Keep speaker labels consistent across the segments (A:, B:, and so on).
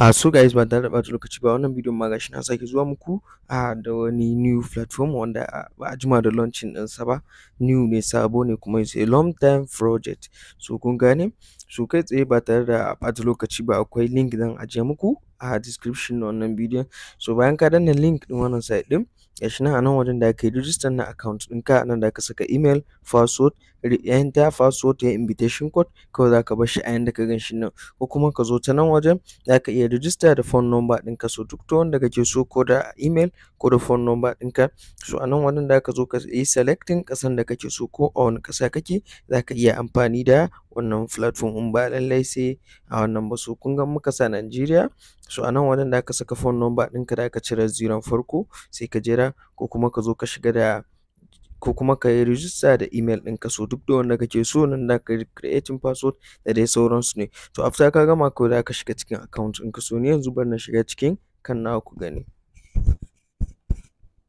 A: a ah, so guys ba tare da ɓata lokaci ba wannan bidiyon ma gashi na sake zuwa muku a ah, da wani new platform wanda ah, ba a jima da launching sa ba new ne sabo ne kuma it's a long time project so kun gane so kai tsaye ba tare da ɓata lokaci ba akwai link zan ajiye muku a description na wannan bidiyon so bayan ka danna link ɗin wannan site ɗin gashi nan a nan wajen da aka yi register na account ɗinka nan da aka saka email password enter password ya invitation code kawai za ka bar shi a yanda ka gan shi nan ko kuma ka zo ta nan wajen za ka iya register da phone number ɗinka so duk ta wanda kake so ko da email ko da phone number ɗinka so a nan wajen da ka zo ka yi selecting ƙasan da kake so ko a wani kasa kake za ka iya amfani da wannan platform in ba lallai sai a wannan ba so kun ga muka sa Najeriya so a nan wajen da aka saka phone number ka da aka cire zero farko sai ka jira ko kuma ka zo ka shiga da ko kuma ka yi register da email ka so duk da wanda kake so nan da ka creating password da dai sauransu ne to after ka gama ko da ka shiga cikin account ka so ni yanzu bar na shiga cikin kan nawa ku gani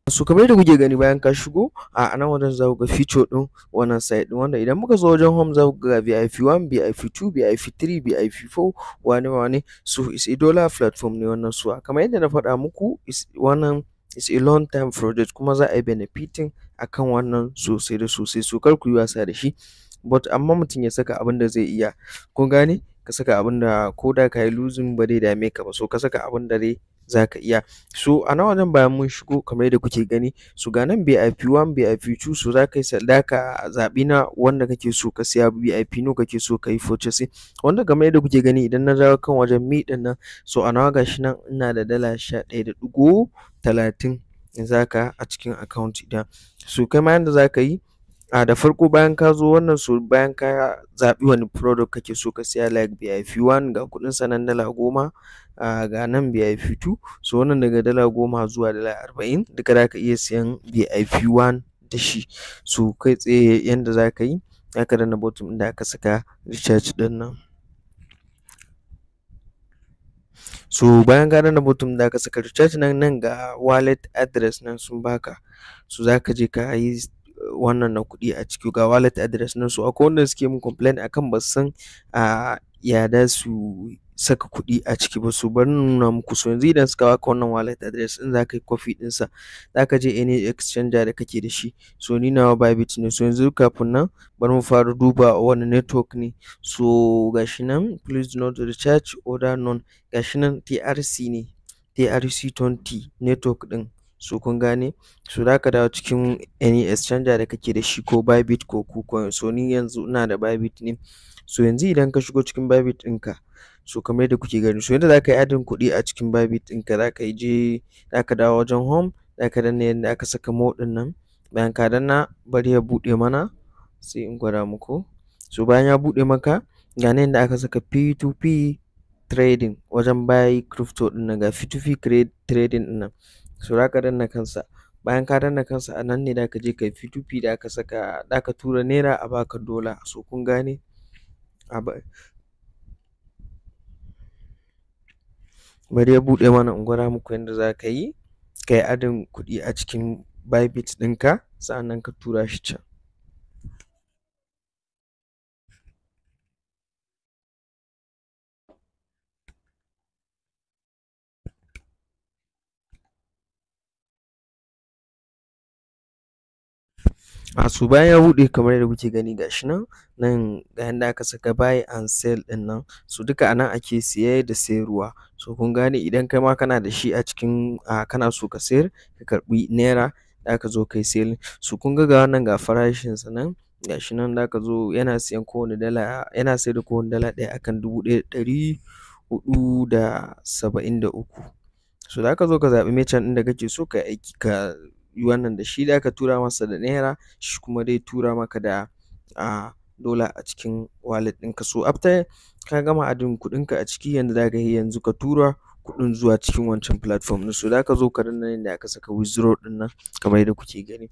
A: su kamar yadda kuke gani bayan ka shigo a nan wajen za ku ga feature ɗin wannan site ɗin wanda idan muka zo wajen home za ku ga VIP1, VIP2, VIP3, VIP4 wane wane su is a dollar platform ne wannan su kamar yadda na faɗa muku is wannan is a long term project kuma za a yi benefiting akan wannan sosai da sosai so kar ku yi wasa da shi but amma mutum ya saka abin da zai iya kun gane ka saka abin da ko da ka yi losing ba dai dame ka ba so ka saka abin da dai za ka iya. So a nan wajen bayan mun shigo kamar yadda kuke gani so ga nan bip 1 bip 2 so za ka zaɓi na wanda kake so ka siya bip nawa kake so ka yi purchase wanda kamar yadda kuke gani idan na dawo kan wajen me din nan so a nawa gashi nan ina da dala sha ɗaya da ɗigo talatin zaka a cikin account idan So kai ma yanda za ka yi A da farko bayan ka zo wannan so bayan ka zaɓi wani product kake so ka siya like BIF1 ga kuɗinsa nan dala goma a ga nan BIF2 so wannan daga dala goma zuwa dala arba'in duka za ka iya siyan BIF1 da shi so kai tsaye yanda za ka yi za ka danna button inda da aka saka recharge din nan so bayan ka danna button da aka saka recharge nan nan ga wallet address nan sun baka so za ka je ka yi wannan na kuɗi a ciki ga wallet address nan su akwai wanda suke mun complain akan ba san a ya da su saka kuɗi a ciki ba su bari nuna muku so yanzu idan suka baka wannan wallet address din za ka yi copy ɗinsa za ka je any exchanger da kake da shi so ni nawa Bybit ne so yanzu kafin nan bari mu fara duba wani network ne so gashi nan please do not recharge order none gashi nan TRC ne TRC 20 network din. Su kun gane Su da ka dawo cikin e any exchanger da kake da shi ko Bybit ko Kucoin so ni yanzu ina da Bybit ne so yanzu idan ka shigo cikin Bybit ɗinka so kamar yadda kuke gani so yadda ka yi adin kuɗi a cikin Bybit ɗinka Za yi je ka dawo wajen home ka danna yadda aka saka more ɗin nan bayan ka danna bari ya buɗe mana sai in gwada muku so bayan ya buɗe maka ga nan yadda aka saka P2P trading wajen buy crypto ɗin nan ga P2P trading ɗin nan so za danna kansa bayan ka danna kansa a nan ne da ka je ka yi da ka saka da ka tura naira a baka dola so kun gane bari ya buɗe mana in gwada muku yadda za ka yi ka yi adin kuɗi a cikin bybit ɗinka sa'annan ka tura shi can su bayan ya buɗe kamar yadda kuke gani ga shi nan nan ga yadda aka saka buy and sell ɗin nan so duka a nan ake siye da sayarwa so kun gane idan kai ma kana da shi a cikin kana so ka sayar ka karɓi naira da ka zo kai selling so kun ga ga wannan ga farashin sa nan ga shi nan da ka zo yana siyan kowane dala yana sayar da kowane dala ɗaya akan dubu ɗaya da ɗari huɗu da saba'in da uku so da ka zo ka zaɓi merchant ɗin da kake so ka yi aiki ka wannan da shi da tura masa da naira shi kuma dai tura maka da a dola a cikin wallet ɗinka so after ka gama adin kuɗinka a ciki yanzu za ka yanzu ka tura kuɗin zuwa cikin wancan platform ɗin so da ka zo ka danna inda aka saka withdraw ɗin nan kamar yadda kuke gani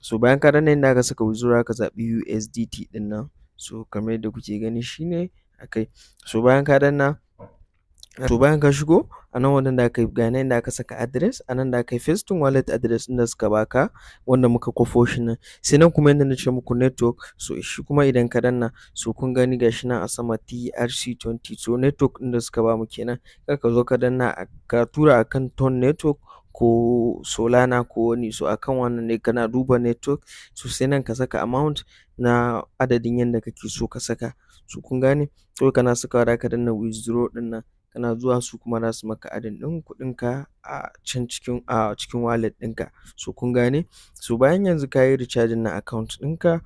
A: so bayan ka danna inda aka saka withdraw ka zaɓi USDT ɗin nan so kamar yadda kuke gani shi ne a kai so bayan ka danna to bayan ka shigo a nan wannan da aka yi gane da aka saka adres a nan da aka yi festin wallet address ɗin da suka baka wanda muka kwafo shi nan sai nan kuma yadda na ce muku network so shi kuma idan ka danna so kun gani gashi nan a sama TRC20 so network ɗin da suka bamu kenan kar ka zo ka danna ka tura akan ton network ko solana ko wani so akan wannan ne kana duba network so sai nan ka saka amount na adadin yadda kake so ka saka so kun gane kawai kana sakawa da ka danna withdraw ɗin nan kana zuwa su kuma za su maka adin ɗin kuɗinka a can cikin a cikin wallet ɗinka so kun gane so bayan yanzu ka yi recharging na account ɗinka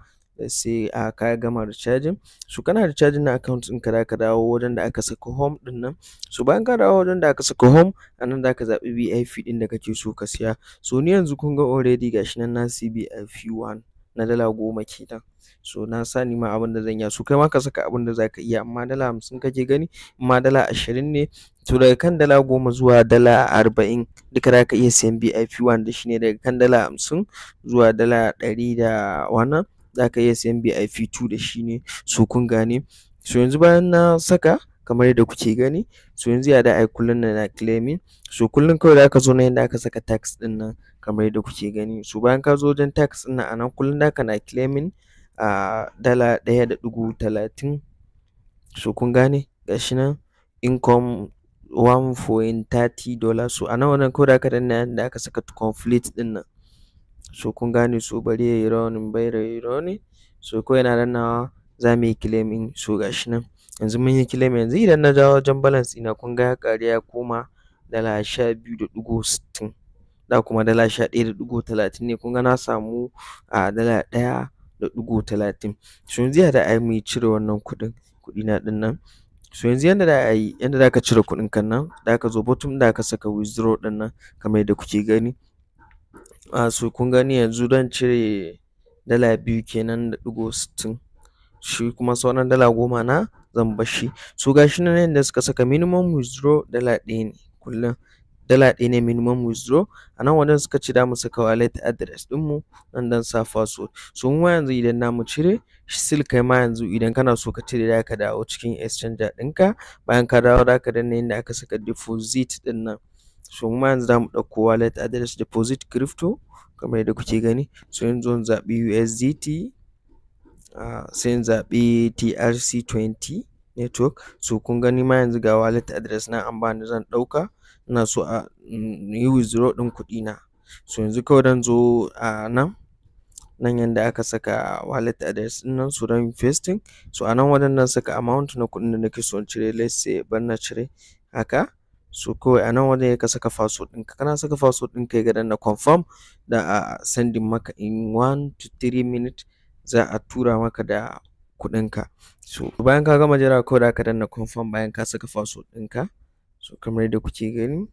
A: sai a ka gama recharging so kana recharging na account ɗinka za ka dawo wajen da aka saka home ɗin nan so bayan ka dawo wajen da aka saka home a nan za ka zaɓi VIP ɗin da kake so ka siya so ni yanzu kun ga already gashi nan na siya BIP 1 na dala goma kenan so na sa ni ma abin da zan iya so kai ma ka saka abin da zaka iya amma dala hamsin kake gani in ma dala ashirin ne to daga kan dala goma zuwa dala arba'in duka zaka iya siyan BIP one da shi ne daga kan dala hamsin zuwa dala ɗari da wannan zaka iya siyan BIP two da shi ne so kun gane so yanzu bayan na saka kamar yadda kuke gani so yanzu ya da ai kullum na na claiming so kullum kawai zaka zo nan yanda aka saka tax ɗin nan kamar yadda kuke gani. So bayan ka zo wajen tax ɗin nan a nan kullum naka na claiming a dala ɗaya da ɗigo talatin. So kun gane ga shi nan income one point thirty dollars. So a nan wajen kawai za ka danna yanda aka saka to complete ɗin nan. So kun gane so bari ya yi running bari ya yi running. So kawai yana dannawa za mu yi claiming so ga shi nan. yanzu mun yi claiming yanzu idan na dawo wajen balance ɗina kun ga ya ƙaru ya koma dala sha biyu da ɗigo sittin. da kuma dala sha ɗaya da ɗigo talatin ne kun ga na samu a dala ɗaya da ɗigo talatin so yanzu yadda da a yi mu cire wannan kuɗin kuɗi na ɗin nan so yanzu yadda da a yi yanda da ka cire kuɗin kan nan da ka zo bottom da ka saka withdraw ɗin nan kamar yadda kuke gani a so kun gani yanzu zan cire dala biyu kenan da ɗigo sittin shi kuma sauran dala goma na zan bar shi so ga shi nan yadda suka saka minimum withdraw dala ɗaya ne kullum dala ɗaya ne minimum withdraw a nan wajen suka ce mu saka wallet address mu nan dan sa password so mu yanzu idan namu cire still kai ma yanzu idan kana so ka cire zaka dawo cikin exchanger ɗinka bayan ka dawo zaka danna inda aka saka deposit ɗin nan so mu yanzu zamu ɗauko wallet address deposit crypto kamar yadda kuke gani so yanzu zan zaɓi USDT sai in zaɓi TRC20 network so kun gani ma yanzu ga wallet address na an bani zan ɗauka ina so a yi withdraw ɗin kuɗina so yanzu kawai dan zo a nan nan yanda aka saka wallet address ɗin nan so don pasting so a nan wajen zan saka amount na kuɗin da nake so in cire let's say bari na cire haka so kawai a nan wajen ka saka password ɗinka kana saka password ɗinka yi ga na confirm da a sending maka in one to three minutes za a tura maka da kuɗinka so bayan ka gama jira kawai da ka danna confirm bayan ka saka password ɗinka so kamar yadda kuke gani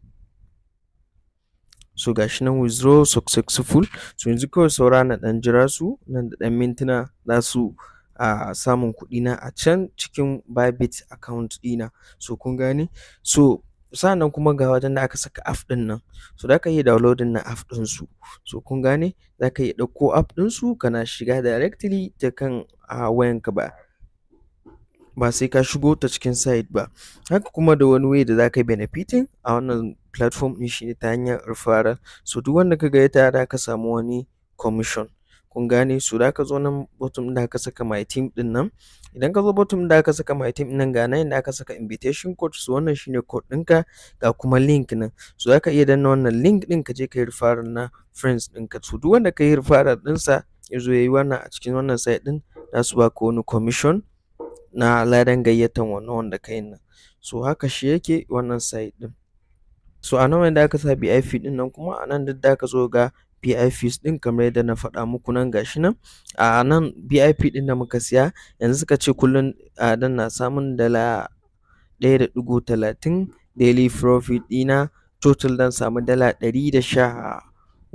A: so gashi nan withdraw successful so yanzu kawai saura na ɗan jira su nan da ɗan mintuna za su a samun kuɗi na a can cikin Bybit account ɗina so kun gane so sa'annan kuma ga wajen da aka saka app ɗin nan so da ka iya downloading na app ɗin su so kun gane za ka iya ɗauko app ɗin su kana shiga directly ta kan uh, wayanka ba ba sai ka shigo ta cikin site ba haka kuma da wani way da za ka yi benefiting a wannan platform ɗin ne ta hanyar referral so duk wanda ka ga ya tara ka samu wani commission kun gane so da ka zo nan bottom da ka saka my team ɗin nan idan ka zo bottom da ka saka my team nan ga nan da ka saka invitation code so wannan shine code ɗinka ga kuma link nan so za ka iya danna wannan link ɗin ka je ka yi referral na friends ɗinka so duk wanda ka yi referral ɗinsa ya zo ya yi wannan a cikin wannan site ɗin za su ba ka wani commission na ladan gayyatan wannan wanda ka yin nan so haka shi yake wannan site ɗin so a nan wanda aka sa bi fee ɗin nan kuma a nan duk da aka zo ga BI din ɗin kamar da na faɗa muku nan gashi nan a nan BIP ɗin da muka siya yanzu suka ce kullum a dan na samun dala ɗaya da dugu talatin daily profit dina total dan samu dala ɗari da sha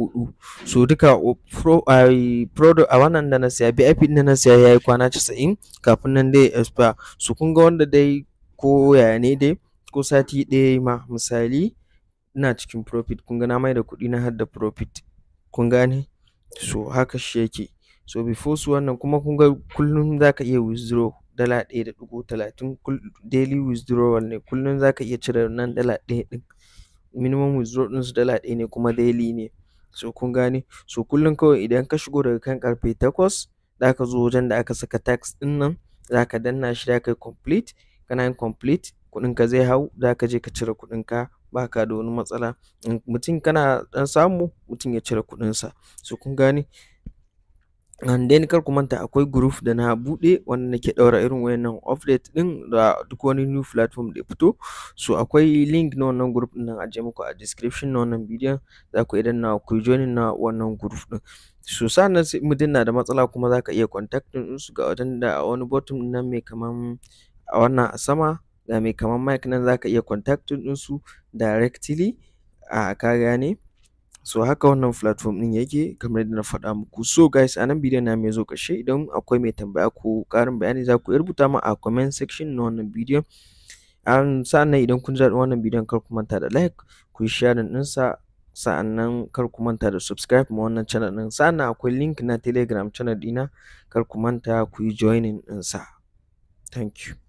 A: hudu so duka pro a wannan da na siya bip din da na siya ya yi kwana 90 kafin nan dai expire su kun ga wanda dai ko yaya ne dai ko sati ɗaya ma misali ina cikin profit kun ga na mai da kuɗi na har da profit kun gane so haka shi yake so before su wannan kuma kun ga kullum za ka iya withdraw dala ɗaya da ɗigo talatin daily withdrawal ne kullum za ka iya cire nan dala ɗaya ɗin minimum withdrawal ɗinsu dala ɗaya ne kuma daily ne So kun gane? So kullum kawai idan ka shigo daga kan karfe takwas za ka zo wajen da aka saka tax ɗinnan, nan za ka danna shi za ka yi complete kana yin complete kuɗinka zai hau za ka je ka cire kuɗinka ba ka da wani matsala mutum kana dan samu mutum ya cire kuɗinsa so kun gane and then kar ku manta akwai group da na bude wanda nake daura irin wayannan update din da duk wani new platform da ya fito so akwai link na wannan group din a je muku a description na wannan bidiyon za ku idan na ku join na wannan group din so sannan sai mutum da matsala kuma za ka iya din su ga wadan da wani bottom nan mai kaman a wannan a sama da mai kaman mic nan za ka iya din su directly a ah, ka gane so haka wannan platform din yake kamar yadda na faɗa muku so guys anan nan bidiyon na ya zo ƙarshe idan akwai mai tambaya ko ƙarin bayani za ku iya rubuta mu a comment section na wannan bidiyon sa'annan idan kun ji wannan bidiyon kar ku manta da like ku yi sharing ɗinsa sa'annan kar ku manta da subscribe ma wannan channel ɗin sa'annan akwai link na telegram channel ɗina kar ku manta ku yi joining ɗinsa thank you